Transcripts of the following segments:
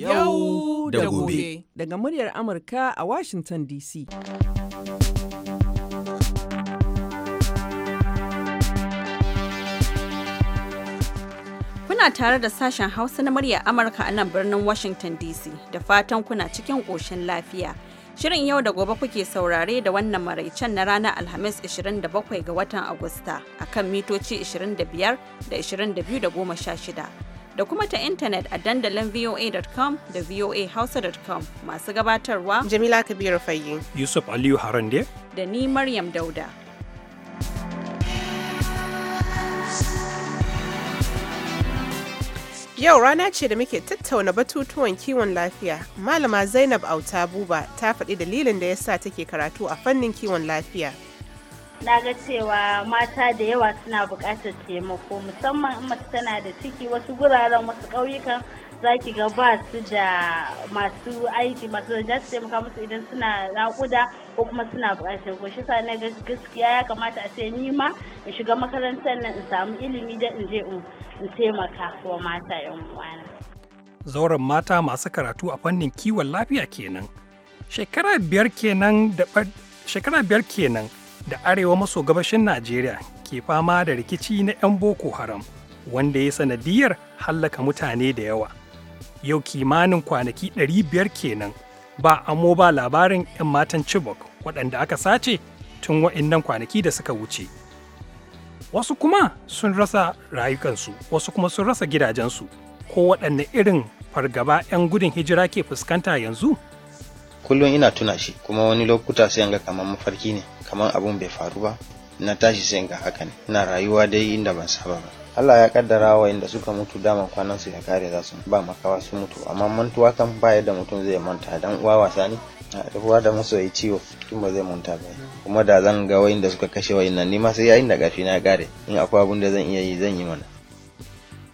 Yau da gobe. Daga muryar Amurka a Washington DC. Kuna tare da sashen Hausa na muryar Amurka a nan birnin Washington DC da fatan kuna cikin ƙoshin lafiya. Shirin yau da gobe kuke saurare da wannan maraicen na ranar Alhamis 27 ga watan Agusta akan mitoci 25 da 22 da 16. da kuma ta intanet a dandalin voa.com da voahausa.com masu gabatarwa Jamila Kabiru Fayyi. Yusuf Aliyu Harande. Da ni Maryam Dauda. Yau rana ce da muke tattauna batutuwan kiwon lafiya. Malama Zainab Auta Buba ta faɗi dalilin da ya sa take karatu a fannin kiwon lafiya. na ga cewa mata da yawa suna bukatar taimako musamman in mace tana da ciki wasu guraren wasu ƙauyukan za ki ga ba su da masu aiki masu da su taimaka musu idan suna nakuda ko kuma suna bukatar ko shi na gaskiya ya kamata a ce ni ma in shiga makarantar nan in samu ilimi da in je in taimaka wa mata yan uwana. Zauren mata masu karatu a fannin kiwon lafiya kenan. Shekara biyar kenan da shekara biyar kenan da arewa maso gabashin Najeriya ke fama da rikici na 'yan Boko Haram wanda ya sanadiyar hallaka mutane da yawa. Yau kimanin kwanaki 500 kenan ba amo ba labarin 'yan matan Chibok waɗanda aka sace tun wa'innan kwanaki da suka wuce. Wasu kuma sun rasa rayukansu, wasu kuma sun rasa gidajensu, ko waɗanne irin fargaba 'yan gudun hijira ke fuskanta yanzu? kullum ina tuna shi kuma wani lokuta sai ga kamar mafarki ne kamar abun bai faru ba na tashi sai ga haka ne ina rayuwa dai inda ban saba ba Allah ya kaddara wa inda suka mutu dama kwanan su ya kare za su ba makawa su mutu amma mantuwa kan ba yadda mutum zai manta dan uwa wasa ne ruwa da masoyi ciwo tun ba zai manta ba kuma da zan ga da suka kashe wayannan ni ma sai yayin da gafi na kare in akwai abun da zan iya yi zan yi mana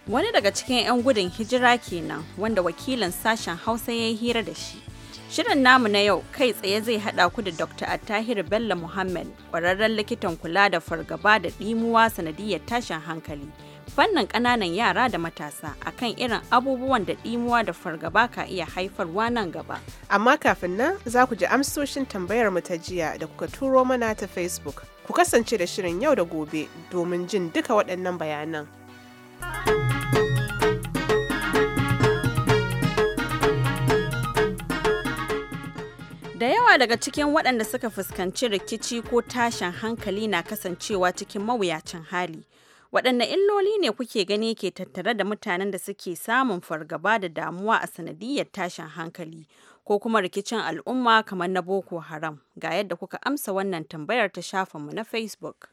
wani daga cikin 'yan gudun hijira kenan wanda wakilin sashen hausa ya yi hira da shi Shirin namu na yau kai tsaye zai haɗa ku da Dr. Attahir Bello Muhammad, ƙwararren likitan kula da fargaba da ɗimuwa sanadiyar tashin hankali, fannin ƙananan yara da matasa akan irin abubuwan da ɗimuwa da fargaba ka iya haifarwa nan gaba. Amma kafin nan za ku ji amsoshin tambayar mu ta jiya da kuka turo mana ta Facebook. Ku kasance da shirin yau da gobe domin jin duka waɗannan bayanan. Da yawa daga cikin waɗanda suka fuskanci rikici ko tashin hankali na kasancewa cikin mawuyacin hali. Waɗanne illoli ne kuke gani ke tattare da mutanen da suke samun fargaba da damuwa a sanadiyar tashin hankali ko kuma rikicin al'umma kamar na Boko Haram? Ga yadda kuka amsa wannan tambayar ta shafinmu na Facebook.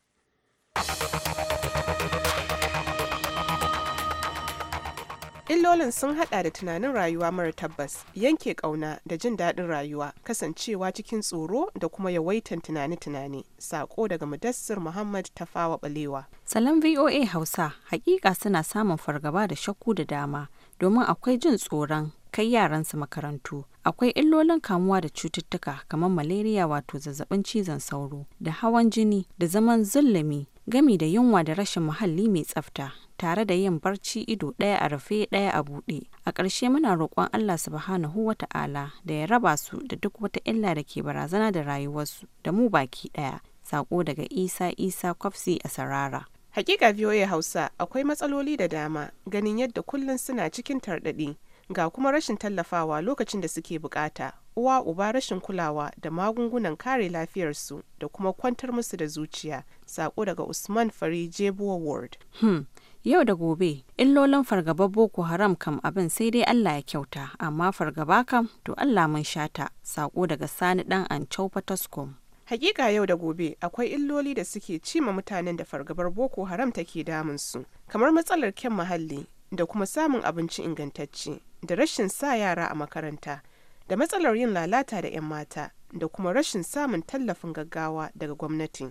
illolin sun hada da tunanin rayuwa mara tabbas yanke kauna da jin daɗin rayuwa kasancewa cikin tsoro da kuma yawaitan tunani-tunani sako daga mudassir muhammad ta fawa balewa salon voa hausa hakika suna samun fargaba da shakku da dama domin akwai jin tsoron kai yaransu makarantu akwai illolin kamuwa da cututtuka kamar malaria wato zazzabin cizon sauro da hawan jini da zaman zullumi gami da yunwa da rashin muhalli mai tsafta tare da yin barci ido ɗaya a rufe ɗaya a buɗe a ƙarshe muna roƙon allah subhanahu wa ta'ala da ya raba su da duk wata illa da ke barazana da rayuwarsu da mu baki ɗaya saƙo daga isa isa kwafsi a sarara hakika voa hausa akwai matsaloli da dama ganin yadda kullum suna cikin tarɗaɗi ga kuma rashin tallafawa lokacin da suke bukata uwa uba rashin kulawa da magungunan kare lafiyarsu da kuma kwantar musu da zuciya sako daga usman fari jebuwa ward hmm. yau da gobe illolin fargabar boko haram kam abin sai dai allah ya kyauta amma fargaba kam to allah mun shata sako daga sani dan an taskom Hakika yau da gobe akwai illoli da suke cima mutanen da fargabar boko haram take su, kamar matsalar kyan muhalli da kuma samun abinci ingantacce da rashin sa yara a makaranta da matsalar yin lalata da 'yan mata da kuma rashin samun tallafin gaggawa daga gwamnati.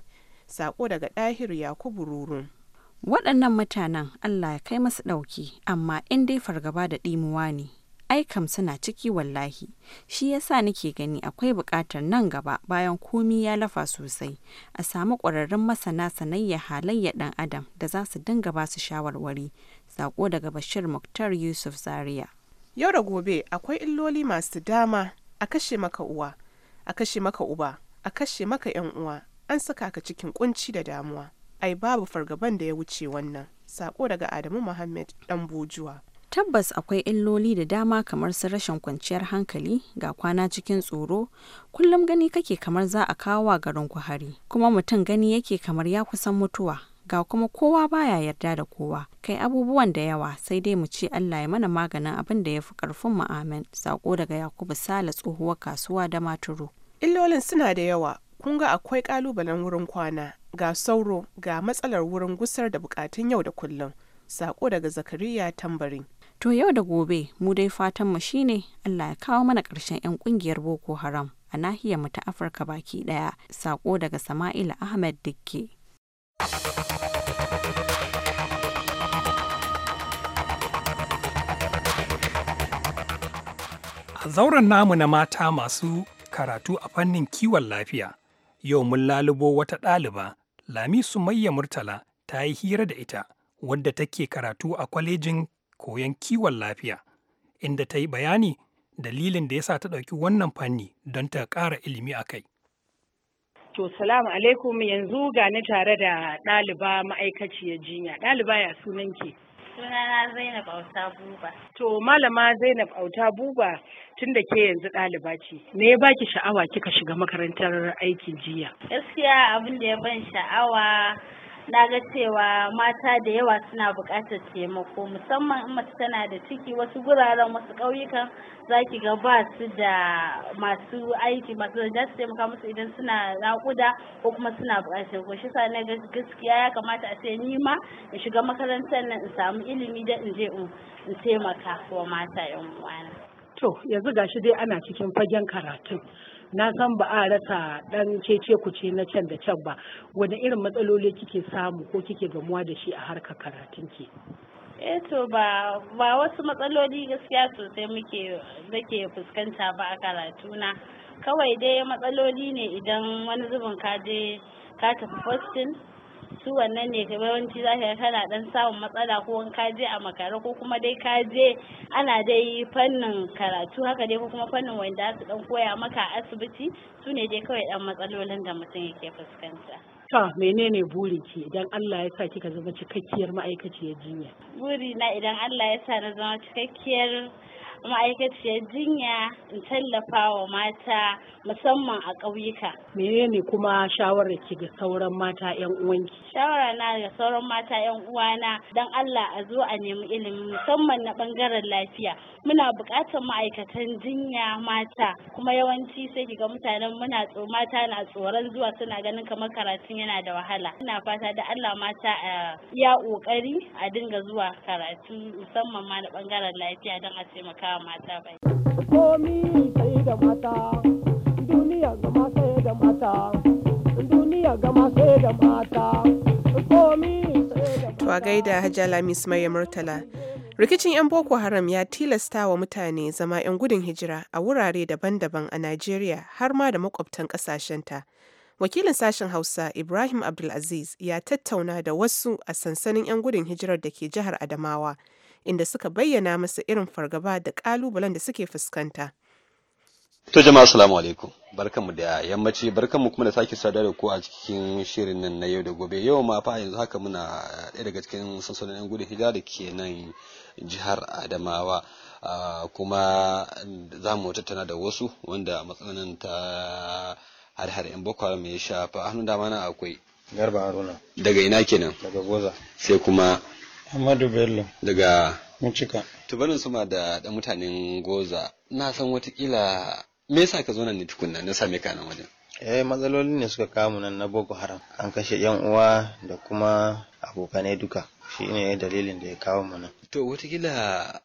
Sako daga Ɗahiru Yakubu ruru Waɗannan mutanen Allah ya kai masu ɗauki, amma in dai fargaba da ɗimuwa ne. aikam suna ciki wallahi, shi yasa nake gani akwai buƙatar nan gaba bayan komi ya lafa sosai, a samu ƙwararrun masana sanayya halayya ɗan adam da za su dinga ba su shawarwari. Sako daga Bashir Muktar Yusuf Zaria. Yau da gobe akwai illoli masu dama a kashe maka uwa, a kashe maka uba, a kashe maka ‘yan uwa, an saka ka cikin kunci da damuwa. Ai babu fargaban da ya wuce wannan. Sako daga Adamu muhammed dan bujuwa. Tabbas akwai illoli da dama kamar su rashin kwanciyar hankali ga kwana cikin tsoro, kullum gani kake kamar za a kawo garin ku hari, kuma mutum gani yake kamar ya kusan mutuwa. ga kuma kowa baya yarda da kowa kai abubuwan da yawa sai dai mu ce Allah ya mana maganin abin da ya fi karfin mu amen sako daga Yakubu Sale tsohuwar kasuwa da maturu illolin suna da yawa kun ga akwai kalubalen wurin kwana ga sauro ga matsalar wurin gusar da bukatun yau da kullum sako daga Zakariya tambari. to yau da gobe mu dai fatan mu shine Allah ya kawo mana karshen yan kungiyar Boko Haram a nahiyar mu ta Afirka baki daya sako daga Sama'ila Ahmed Dikke A zauren namu na mata masu karatu a fannin kiwon lafiya, yau mun lalubo wata ɗaliba, Lami Sumayya Murtala ta yi hira da ita, wadda take karatu a kwalejin koyon kiwon lafiya, inda ta yi bayani dalilin da ya sa ta ɗauki wannan fanni don ta ƙara ilimi a kai. To salamu alaikum yanzu ga ni tare da ɗaliba ma'aikaciyar jinya. Ɗaliba ya sunan ki? Sunana Zainab Auta Buba. To malama Zainab Auta Buba tun da ke yanzu ɗaliba ce. Me ya baki sha'awa kika shiga makarantar aikin jinya? Gaskiya abin da ya ban sha'awa na ga cewa mata da yawa suna buƙatar taimako musamman in mace tana da ciki wasu guraren wasu ƙauyukan za ki ga ba su da masu aiki masu da su taimaka musu idan suna naƙuda ko kuma suna buƙatar ko shi na gaskiya ya kamata a ce ni ma in shiga makarantar nan in samu ilimi da in je in taimaka wa mata yan uwana. To yanzu gashi dai ana cikin fagen karatun. na san ba a rasa dan cece ku ce na can da can ba wani irin matsaloli kike samu ko kike gamuwa da shi a harkar karatun ki eh to ba ba wasu matsaloli gaskiya sosai muke nake fuskanta ba a karatu na kawai dai matsaloli ne idan wani zubin ka je ka tafi posting su wannan ne ka yawanci za ka kana dan samun matsala ko ka je a makara ko kuma dai kaje ana dai fannin karatu haka dai ko kuma fannin wanda su dan koya maka a asibiti su ne dai kawai dan matsalolin da mutum yake fuskanta. To menene burin ki idan Allah ya sa kika zama cikakkiyar ma'aikaciyar jinya? Buri na idan Allah ya sa na zama cikakkiyar ma'aikaciyar jinya in tallafa wa mata musamman a ƙauyuka. Menene kuma shawarar ki ga sauran mata 'yan uwanki? Shawara na ga sauran mata 'yan uwana don Allah a zo a nemi ilimi musamman na ɓangaren lafiya. Muna buƙatar ma'aikatan jinya mata kuma yawanci sai ki ga mutanen muna mata na tsoron zuwa suna ganin kamar karatun yana da wahala. Ina fata da Allah mata a ya ƙoƙari a dinga zuwa karatu musamman ma na ɓangaren lafiya don a taimaka ba mata da mata, gaida Lamis Maryam Murtala. Rikicin 'yan Boko Haram ya tilasta wa mutane zama 'yan gudun hijira a wurare daban-daban a Najeriya har ma da makwabtan ƙasashenta. Wakilin sashen Hausa Ibrahim Abdulaziz ya tattauna da wasu a sansanin 'yan gudun hijirar da ke jihar Adamawa inda suka bayyana masa irin fargaba da kalubalen da suke fuskanta. To jama'a assalamu alaikum. Barkanmu da yammaci, barkanmu kuma da sake sada da ku a cikin shirin nan na yau da gobe. Yau ma fa yanzu haka muna ɗaya daga cikin sansanin yan gudun hijira da ke nan jihar Adamawa. kuma za mu tattauna da wasu wanda matsalolin ta har-har 'yan boko haram ya shafa hannun dama na akwai. Garba Haruna. Daga ina kenan? Daga Goza. Sai kuma Amadu Bello. Daga Mucika. Tubanin suma da ɗan mutanen Goza. Na san watakila me yasa ka zo nan ne tukunna na same ka nan wajen. Eh matsaloli ne suka kamu nan na Boko Haram. An kashe yan uwa da kuma abokanai duka. Shi ne dalilin da ya kawo mu nan. To watakila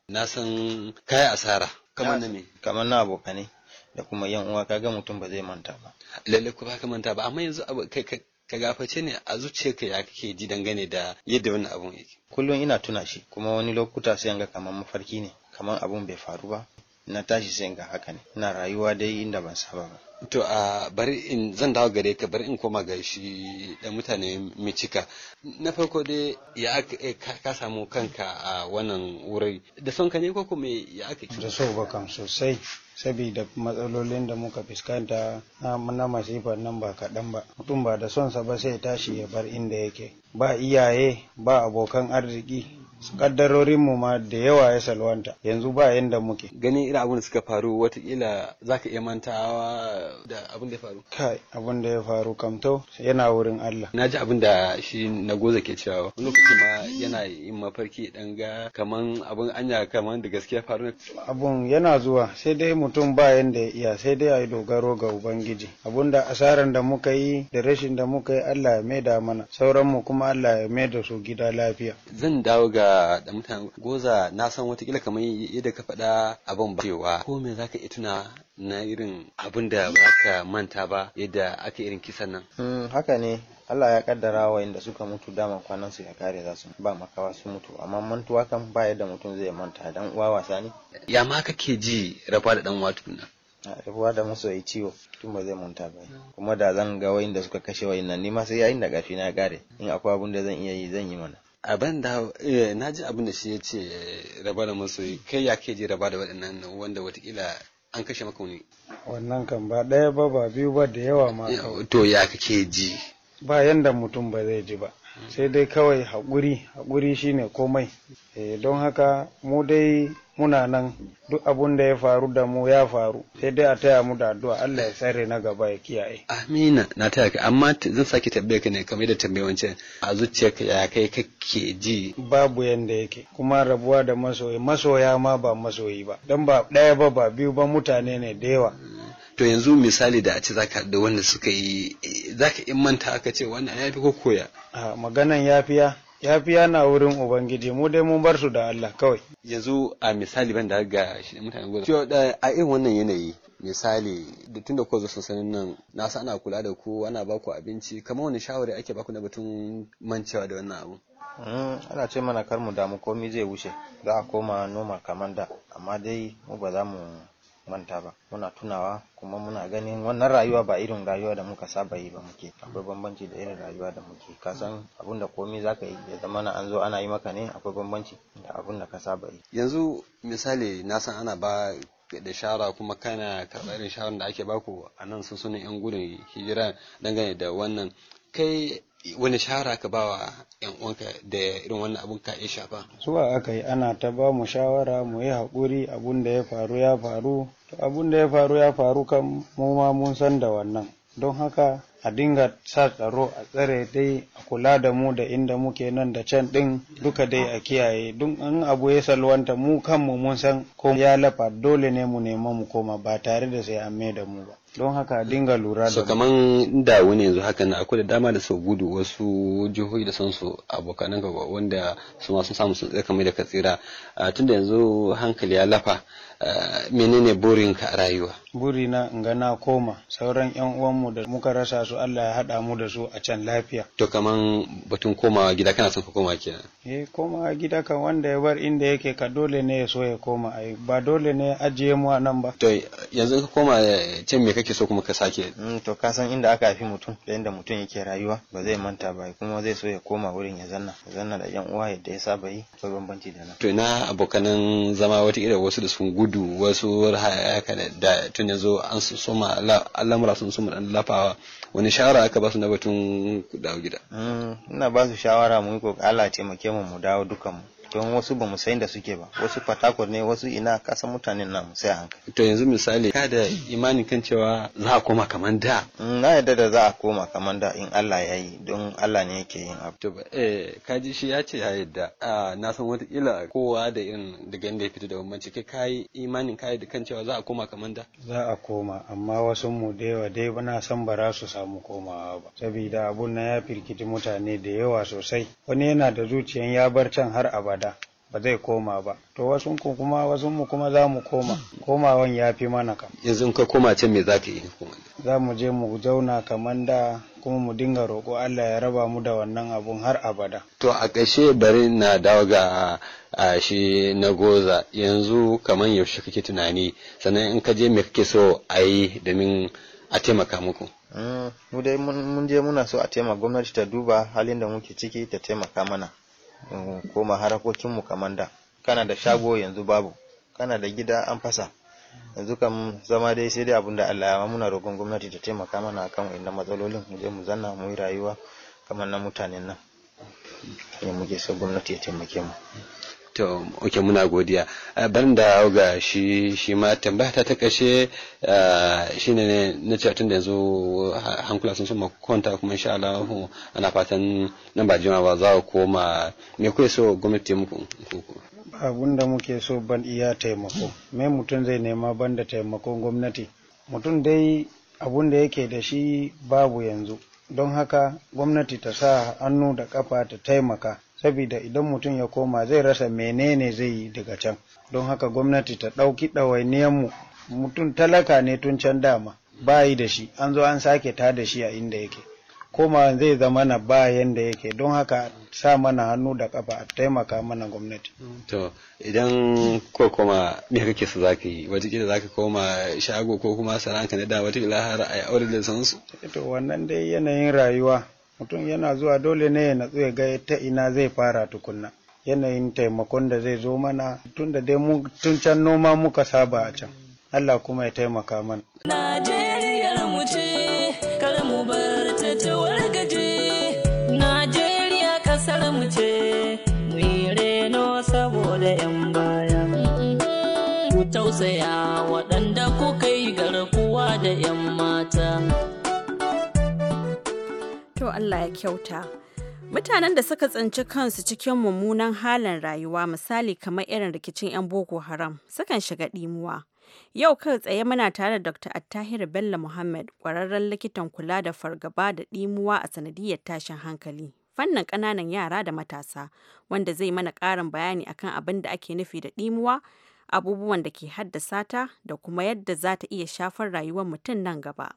na san kaya asara. Kamar na me? Kamar na abokanai. da kuma yan uwa kaga mutum ba zai manta ba lalle ba ka manta ba amma yanzu kai ka gaface ne a zuciyarka ya kake ji dangane da yadda wannan abun yake kullum ina tuna shi kuma wani lokuta sai ga kamar mafarki ne kamar abun bai faru ba na tashi sai ga haka ne ina rayuwa dai inda ban saba ba To a bari in zan dawo gare ka bari in koma ga shi da mutane mai Na farko dai ya eh, ka samu kanka a wannan wuri da son ka ne ko kuma ya aka Da so ba sosai saboda matsalolin da muka fuskanta na masifar nan ba kaɗan ba. Mutum ba da son sa ba sai tashi ya bar inda yake. Ba iyaye ba abokan arziki kaddarorinmu ma da yawa ya salwanta yanzu ba yanda muke Gani irin abin da suka faru watakila za ka iya mantawa da abin da ya faru kai abin da ya faru kamto yana wurin Allah na ji abin da shi na goza ke cewa wani lokaci ma yana yin mafarki dan ga kaman abin anya kaman da gaskiya faru abun yana zuwa sai dai mutum ba yanda ya iya sai dai ayi dogaro ga ubangiji abin da asaran da muka yi da rashin da muka yi Allah ya maida mana sauranmu kuma Allah ya maida su gida lafiya zan dawo ga da mutane goza na san wata kila kamar yadda ka faɗa abin ba cewa ko me zaka iya tuna na irin abin da ba ka manta ba yadda aka irin kisan nan. Mm, haka ne Allah ya kaddara wa inda suka mutu dama kwanan su ya kare za su ba makawa su mutu amma mantuwa kan ba yadda mutum zai manta dan uwa wasa ne. Ya ma kake ji rafa da dan uwa tukuna. da masoyi ciwo tun ba zai manta ba kuma da zan ga wa inda suka kashe wa nan ni ma sai yayin da gafi na gare in akwai abin da zan iya yi zan yi mana abin da eh, na ji abin da shi ya ce eh, raba da masoyi kai ya ke ji raba da waɗannan wanda watakila an kashe maka wani wannan kan ba ɗaya ba ba biyu ba da yawa ma to ya ke ji ba yanda mutum ba zai ji ba sai dai kawai haƙuri haƙuri shine komai eh, don haka mu dai muna nan duk abun da ya faru da mu ya faru sai dai a taya mu da addu'a Allah ya tsare na gaba ya kiyaye amina na taya ka amma zan sake tambaye ka ne kamar da tambaye wancan a zuciyarka ya kai kake ji babu yanda yake kuma rabuwa da masoyi masoya ma ba masoyi ba dan ba ɗaya ba ba biyu ba mutane ne da yawa to yanzu misali da a ce zaka da wanda suka yi zaka in manta aka ce wannan ya fi ko koya a maganan yafiya yafiya na wurin ubangiji mu dai mun bar su da Allah kawai yanzu a misali ban da ga shi mutanen gudu cewa eh, a irin wannan yanayi misali da tunda ko zo sansanin nan na sa ana kula da ku ana ba ku abinci kamar wani shawari ake ba baku na batun mancewa da wannan abu mm, ana ce mana kar mu damu komi zai wuce za a koma noma kamar da amma dai mu ba za mu manta ba muna tunawa kuma muna ganin wannan rayuwa ba irin rayuwa da muka saba yi ba muke akwai bambanci da irin rayuwa da muke ka san abinda komai zaka yi ya zama na an zo ana yi maka ne akwai bambanci da da ka saba yi yanzu misali na san ana ba da shara kuma kana karɓar irin da ake baku a nan sun suna yan gudun hijira dangane da wannan kai wani shara ka bawa yan uwanka da irin wannan abun ka shafa zuwa aka yi ana ta ba mu shawara mu yi haƙuri abun da ya faru ya faru abun da ya faru ya faru kan mu ma mun san da wannan don haka a dinga sa tsaro a tsare dai a kula da mu da inda muke nan da can din duka dai a kiyaye duk an abu ya salwanta mu kanmu mun san ko ya lafa dole ne mu nema mu koma ba tare da sai an da mu ba don haka dinga lura da so kaman da wani yanzu haka na akwai da dama da sau gudu wasu jihohi da sansu abokanan ka wanda su ma samu su tsaka mai da katsira tunda yanzu hankali ya lafa menene burin ka a rayuwa buri na ga na koma sauran yan mu da muka rasa su Allah ya haɗa mu da su a can lafiya to kaman batun komawa gida kana son ka koma kenan eh komawa gida kan wanda ya bar inda yake ka dole ne ya so ya koma ai ba dole ne ajiye mu a nan ba to yanzu ka koma eh, can me kake kake so kuma ka sake mm, to ka san inda aka haifi mutum da inda mutum yake rayuwa ba zai manta ba kuma zai so ya koma wurin ya zanna ya zanna da yan uwa yadda ya saba yi akwai bambanci da nan to ina abokanan zama wata irin wasu da sun gudu wasu haka da tun yanzu an soma al'amura sun soma dan lafawa wani shawara aka ba su na batun dawo gida mm, ina ba su shawara mu yi kokala taimake mu mu dawo dukan mu don wasu ba mu san da suke ba wasu fatakwar ne wasu ina kasa mutanen namu sai hanka to yanzu misali ka da imanin kan cewa za a koma kaman da mm, na yadda da za a koma kaman da in Allah ya yi don Allah ne yake yin abu to eh kaji shi ya ce ya yadda na san ila kowa da irin daga inda ya fito da bambanci kai kai imanin kai da kan cewa za a koma kaman da za a koma amma wasu mu da wa dai na san ba su samu komawa ba saboda abun na ya firkiti mutane da yawa sosai wani yana da zuciyan ya bar can har abada da ba zai koma ba to wasu ku kuma wasu mu kuma za mu koma komawan ya fi mana kam yanzu in ka koma can me za ka yi za mu je mu zauna kamar da kuma mu dinga roƙo Allah ya raba mu da wannan abun har abada to a ƙashe bari na dawo ga a shi na goza yanzu kamar yaushe kake tunani sannan in ka je me kake so a yi domin a taimaka muku mm, mu dai mun je muna so a taimaka gwamnati ta duba halin da muke ciki ta taimaka mana Mm, koma harakokinmu kamar da kana da shago yanzu babu kana da gida an fasa yanzu kam zama dai sai dai abin da Allah ya muna roƙon gwamnati ta taimaka mana akan wannan matsalolin mu je mu zanna mu yi rayuwa kamar na mutanen nan sai muke je sai gwamnati ya taimake mu to ok muna godiya eh, barin da ga shi shi ma tambaya ta ta kashe eh, shine ne na cewa tun da yanzu hankula sun suma kwanta kuma insha Allah ana fatan nan ba jima ba za a koma me kuke so gwamnati muku abun da muke so ban iya taimako me mutum zai nema ban da taimakon gwamnati mutum dai abun da yake da shi babu yanzu don haka gwamnati ta sa hannu da kafa ta taimaka saboda idan mutum ya koma zai rasa menene zai yi daga can don haka gwamnati ta ɗauki ɗawainiyar mu mutum talaka ne tun can dama ba yi da shi an zo an sake ta da shi a inda yake koma zai zama na bayan da yake don haka sa mana hannu da kafa a taimaka mana gwamnati. To idan ko koma me kake so za yi watakila za ka koma shago ko kuma ka na da watakila har a aure da sansu? Eh to wannan dai yanayin rayuwa mutum yana zuwa dole ne ya natsu ya ga ta ina zai fara tukunna yanayin taimakon da zai zo mana tun da dai tun can noma muka saba a can Allah kuma ya taimaka mana. Allah ya kyauta. Mutanen da suka tsinci kansu cikin mummunan halin rayuwa misali kamar irin rikicin 'yan Boko Haram sukan shiga ɗimuwa. Yau kai tsaye muna tare da Dr. attahir Bello Muhammad, ƙwararren likitan kula da fargaba da ɗimuwa a sanadiyar tashin hankali, fannin ƙananan yara da matasa, wanda zai mana ƙarin bayani akan abin da ake nufi da ɗimuwa, abubuwan da ke haddasa ta da kuma yadda za ta iya shafar rayuwar mutum nan gaba.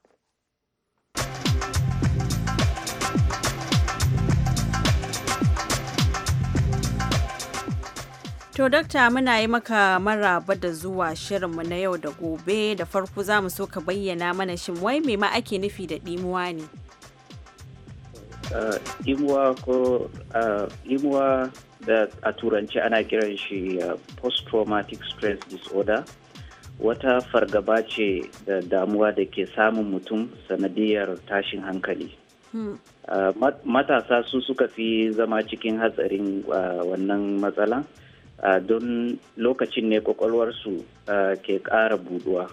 To Dokta muna yi maka maraba da zuwa shirinmu na yau da gobe da farko za mu so ka bayyana mana shin wai me ma ake nufi da ɗimuwa ne? Eh, ɗimuwa ko eh, ɗimuwa da a turanci ana kiran shi eh, post-traumatic stress disorder wata fargaba ce da damuwa da ke samun mutum sanadiyar tashin hankali. Hmm. matasa su suka fi zama cikin hatsarin wannan matsala. Ah, don lokacin ne kwakwalwarsu ah, ke ƙara buduwa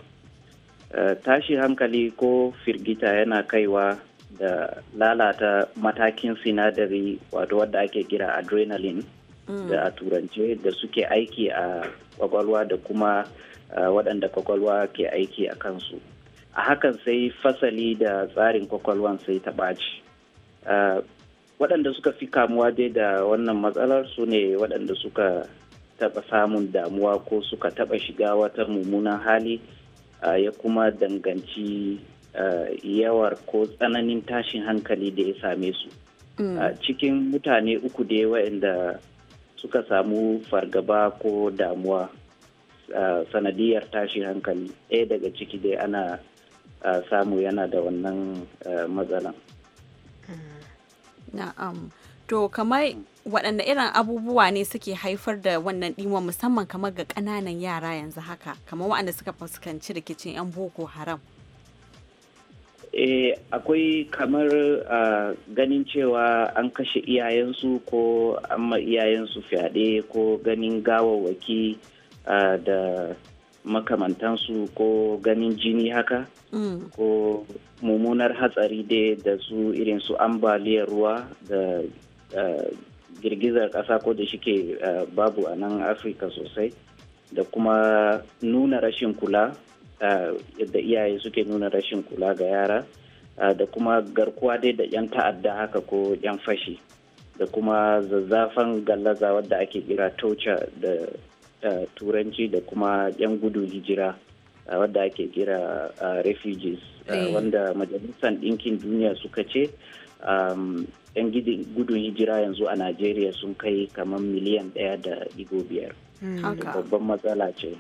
ah, tashi hankali ko firgita yana kaiwa da lalata matakin sinadari wato wadda ake kira adrenaline mm. da a turance da suke aiki a kwakwalwa da kuma waɗanda kwakwalwa ke aiki a kansu a hakan sai fasali da tsarin kwakwalwan sai ta ɓaci waɗanda suka fi kamuwa dai da wannan matsalar su ne waɗanda suka taɓa samun damuwa ko suka taɓa shiga wata mummunan hali ya kuma danganci yawar ko tsananin tashin hankali da ya same su mm. cikin mutane uku da waɗanda suka samu fargaba ko damuwa sanadiyar tashin hankali ɗaya daga ciki dai ana samu yana da wannan matsalan mm. na'am to mm. waɗanne irin abubuwa ne suke haifar da wannan ɗiwon musamman kamar ga ƙananan yara yanzu haka kamar waɗanda suka fuskanci rikicin 'yan boko haram eh akwai kamar uh, ganin cewa an kashe iyayensu ko an ma iyayensu fyaɗe ko ganin gawawwaki uh, da makamantansu ko ganin jini haka mm. ko mummunar hatsari dai da su irin su ambaliyar ruwa da girgizar ƙasa ko da shike eh, babu a nan afirka sosai da kuma nuna rashin kula eh, da iyaye suke nuna rashin kula ga yara eh, da kuma garkuwa dai da 'yan ta'adda haka ko 'yan fashi da kuma zazzafan gallaza wadda ake kira toca da turanci da kuma 'yan gudu hijira wadda ake kira refugees wanda majalisar ɗinkin duniya suka ce Um, 'yan gudun hijira yanzu a najeriya sun kai kamar miliyan ɗaya da digo biyar hmm. babban matsala ce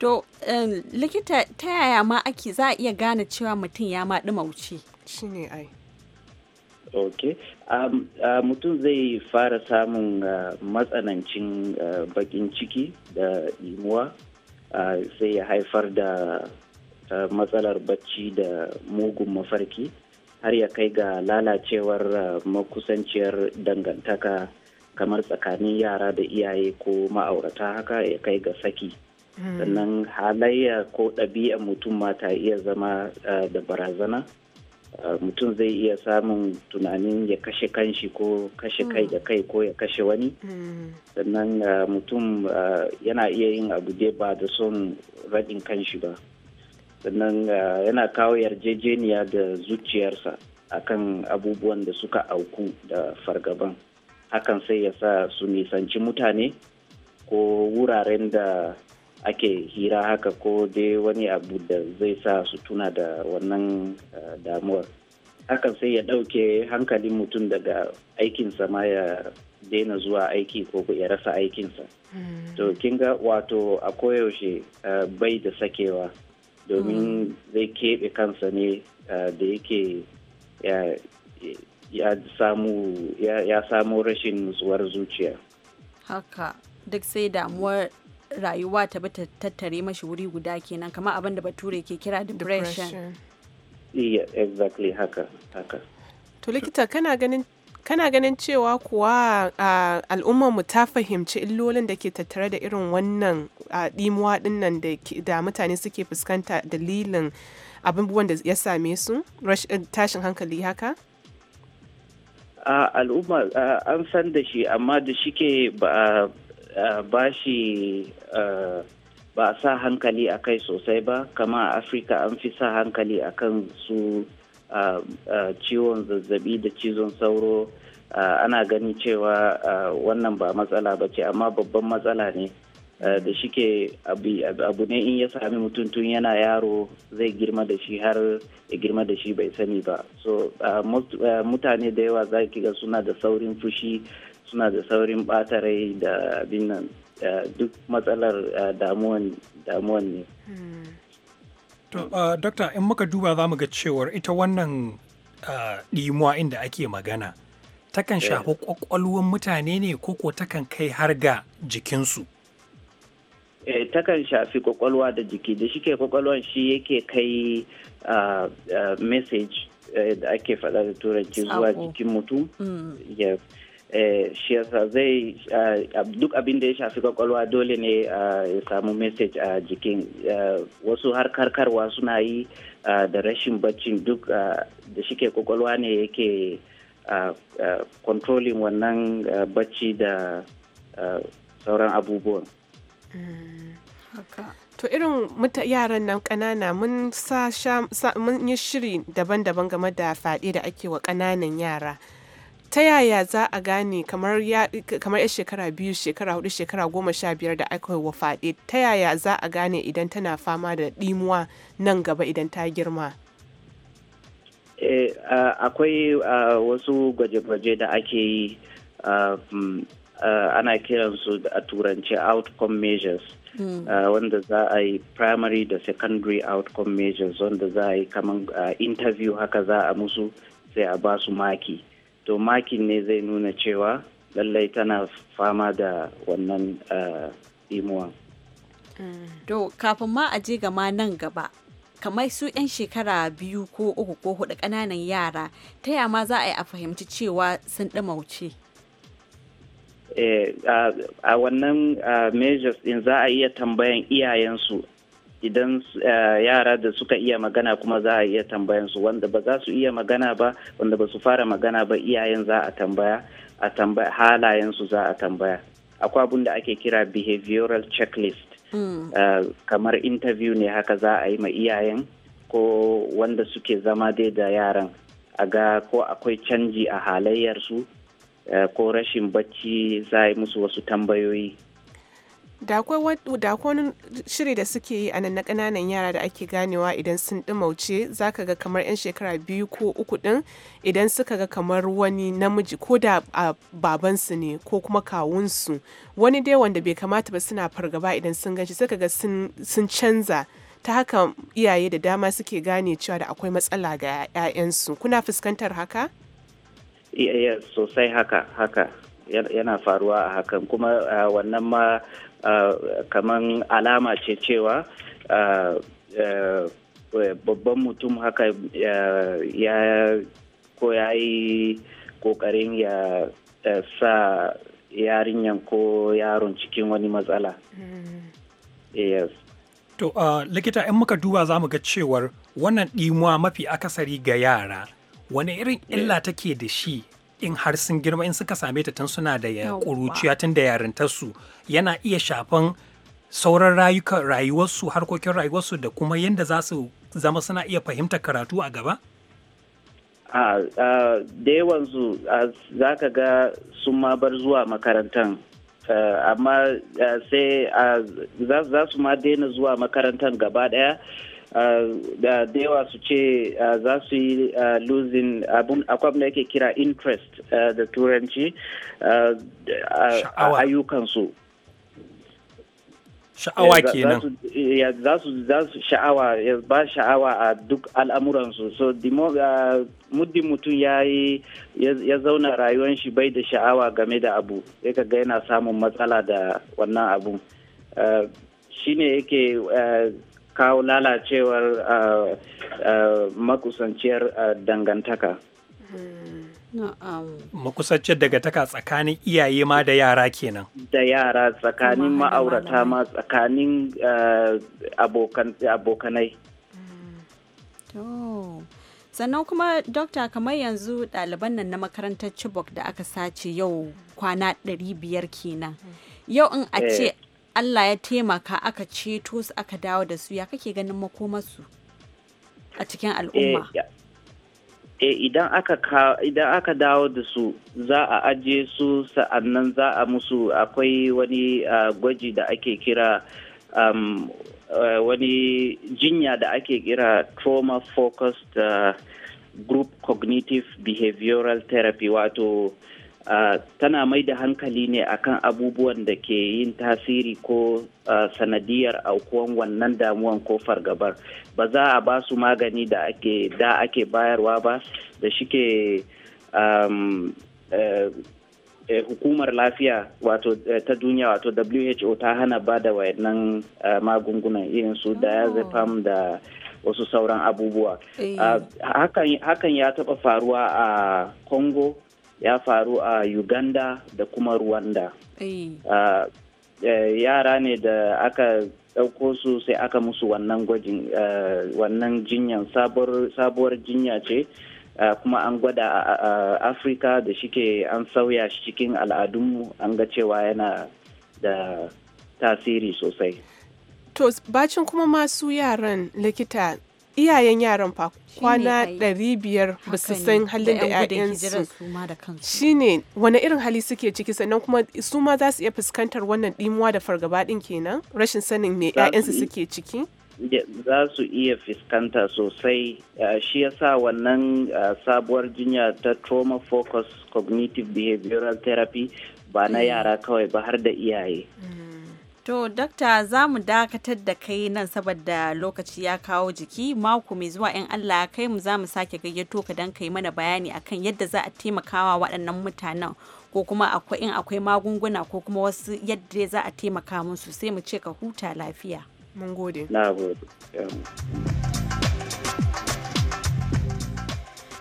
to um, likita ta yaya ma ake za a iya gane cewa mutum ya ma Shi ne ai ok um, uh, mutum zai fara samun uh, matsanancin uh, bakin ciki da imuwa uh, sai ya haifar da uh, matsalar bacci da mugun mafarki har ya kai ga lalacewar uh, makusanciyar dangantaka kamar tsakanin yara da iyaye ko ma'aurata haka ya kai ga saki hmm. sannan halayya ko ɗabi'a mutum ma ta iya zama uh, da barazana uh, mutum zai iya samun tunanin ya kashe kanshi ko kashe kai hmm. da kai ko ya kashe wani hmm. sannan mutum yana iya yin abu dai ba da son raɗin kanshi ba sannan eh, yana kawo yarjejeniya da zuciyarsa akan abubuwan da suka auku da fargaban hakan sai ya sa su nisanci mutane ko wuraren da ake hira haka ko dai wani abu da zai sa su tuna da wannan eh, damuwar hakan sai ya ɗauke hankalin mutum daga aikinsa ma ya daina zuwa aiki ko ya rasa aikinsa hmm. to kinga wato a koyaushe eh, bai da sakewa domin hmm. zai keɓe kansa ne eh, da yake eh, ya samu rashin nutsuwar zuciya haka duk sai damuwar rayuwa ta bi tattare mashi wuri guda kenan kamar abin da bature ke kira depression. iya exactly haka haka to likita kana ganin kana ganin cewa kuwa al'ummar mu ta fahimci illolin da ke tattare da irin wannan ɗimuwa dinnan da mutane suke fuskanta dalilin abubuwan da ya same su eh, tashin hankali haka al'umma an san da shi amma da shi ke ba shi ba sa hankali a kai sosai ba kama a afirka an fi sa hankali a kan su ciwon zazzabi da cizon sauro ana gani cewa wannan ba matsala ba ce amma babban matsala ne da shike abu ne in ya sami mutum tun yana yaro zai girma da shi har ya girma da shi bai sani ba so mutane da yawa za ki ga suna da saurin fushi suna da saurin ɓata da abin nan duk matsalar damuwan ne hmm. To, mm. uh, Dokta, in muka duba za mu ga cewar ita wannan uh, inda ake magana, takan eh. shafi kwakwalwar mutane ne koko takan kai har ga jikinsu? Eh, takan shafi kwakwalwa da jiki, da shi ke kwakwalwan shi yake kai uh, uh, message eh, da ake faɗa da turanci zuwa jikin mutum. Mm. Yeah. shi yasa zai duk abin da ya shafi kwakwalwa dole ne uh, ya samu message a jikin uh, wasu har karkarwa suna yi uh, da rashin baccin duk da shike kwakwalwa ne yake controlling wannan bacci da sauran abubuwan mm, to irin yaran nan kanana mun yi shiri daban-daban game da fyaɗe da ake wa kananan yara ta yaya za a gane kamar ya shekara biyu shekara hudu shekara goma sha biyar da aka yi wa fade ta yaya za a gane idan tana fama da ɗimuwa nan gaba idan ta girma eh, akwai wasu gwaje-gwaje da ake yi mm, ana kiransu a turanci outcome measures hmm. wanda za a yi primary da secondary outcome measures wanda za a yi kamar interview haka za a musu sai a ba su maki to makin ne zai nuna cewa lallai tana fama da wannan eh, imuwan. To kafin ma a je gama nan gaba kamar su 'yan shekara biyu ko uku ko hudu ƙananan yara ta ma za a yi a fahimci cewa sun ɗumauce. Eh, a wannan eh, measures din za a iya tambayan iyayensu idan eh, yara da suka iya magana kuma za a iya tambayan su wanda ba za su iya magana ba wanda ba su fara magana ba iyayen za a tambaya a tambaya halayen su za a tambaya akwai abun da ake kira behavioral checklist hmm. eh, kamar interview ne haka za a yi ma iyayen ko wanda suke zama dai da yaran a ga ko akwai canji a halayyarsu su eh, ko rashin bacci za a yi musu wasu tambayoyi da akwai shiri da suke yi a nan na ƙananan yara da ake ganewa idan sun ɗumauce za ka ga kamar 'yan shekara biyu ko uku ɗin idan suka ga kamar wani namiji ko da babansu ne ko kuma kawunsu wani dai wanda bai kamata ba suna fargaba idan sun ganshi suka ga sun canza ta haka iyaye da dama suke gane cewa da akwai matsala ga 'ya'yansu kuna fuskantar haka? sosai haka haka yana faruwa a hakan kuma wannan ma Eh, kaman alama ce cewa eh, eh, babban mutum haka ya ko ya yi kokarin ya sa yarinyan ko yaron cikin wani matsala. Hmm. Yes. To, likita in muka duba za mu ga cewar wannan ɗimuwa mafi akasari ga yara, wani irin illa take da shi in har sun girma in suka same ta tun suna da ƙuruciya tun da yarintarsu yana iya shafan sauran rayuka rayuwarsu harkokin rayuwarsu da kuma yadda za su zama suna iya fahimtar karatu a gaba? a da yawansu za ka ga sun ma bar zuwa makarantar amma sai za su ma daina zuwa makarantar gaba daya Ah, da yawa su ce ah, za su yi ah, losing abun akwai da yake kira interest da turanci a ayyukansu sha'awa eh, kenan za su sha'awa ya ba sha'awa a duk al'amuransu so muddin mutum ya yi ya zauna rayuwar shi bai da sha'awa game da abu sai ka ga yana samun matsala da wannan abu shine yake kawo lalacewar uh, uh, makusanciyar uh, dangantaka hmm. makusanciyar dangantaka tsakanin iyaye ma da yara kenan da yara tsakanin ma'aurata ma tsakanin abokanai sannan kuma dokta kamar yanzu ɗaliban nan na makarantar chibok da aka sace yau kwana 500 kenan yau in a ce eh. Allah ya taimaka aka ceto su aka dawo da su ya kake ganin makomarsu a cikin al'umma e idan aka idan aka dawo da su za a ajiye su sa'annan za a musu akwai wani gwaji da ake kira wani jinya da ake kira trauma focused group cognitive behavioral therapy wato Uh, tana mai da hankali ne akan abubuwan da ke yin tasiri ko uh, sanadiyar aukuwan wannan damuwan ko fargabar ba za a ba su magani da ake ake bayarwa ba da shi um, e, e, hukumar lafiya wato e, ta duniya wato who ta hana ba da wayannan magungunan irin su oh. diazepam da wasu sauran abubuwa eh. hakan, ya taɓa faruwa a congo ya faru a uganda da kuma rwanda e, yara ne da aka ɗauko su sai aka musu wannan gwajin e, wannan jinyan sabuwar jinya ce kuma an gwada a afirka da shike an sauya shi cikin al'adunmu an ga cewa yana da tasiri sosai to bacin kuma masu yaran likita iyayen yaran fa kwana 500 ba su san halin da 'ya'yansu ne wani irin hali suke ciki sannan kuma su ma za su iya fuskantar wannan dimuwa da fargaba ɗin kenan rashin sanin me 'ya'yansu suke ciki za su iya fuskanta sosai shi yasa wannan sabuwar jinya ta trauma focus cognitive behavioral therapy ba na mm. yara kawai ba har da iyaye. Mm. To, dokta za mu dakatar da kai nan saboda lokaci ya kawo jiki mako mai zuwa 'yan Allah kai mu za mu sake gayyato ka don kai mana bayani akan yadda za a taimakawa waɗannan mutanen ko kuma akwai in akwai magunguna ko kuma wasu yadda za a taimaka musu sai mu ce ka huta lafiya. Mun gode. Na gode.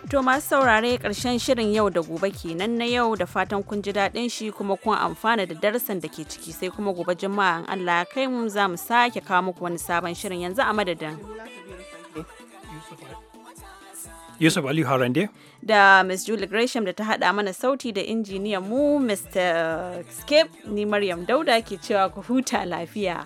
To masu saurare karshen shirin yau da gobe kenan na yau da fatan kun ji daɗin shi kuma kun amfana da darasin da ke ciki sai kuma gobe juma'a in Allah kai mu za mu sake kawo muku wani sabon shirin yanzu a madadin. Yusuf Ali Harande. Da Miss Julie Gresham da ta haɗa mana sauti da injiniyan mu Mr. Skip ni Maryam Dauda ke cewa ku huta lafiya.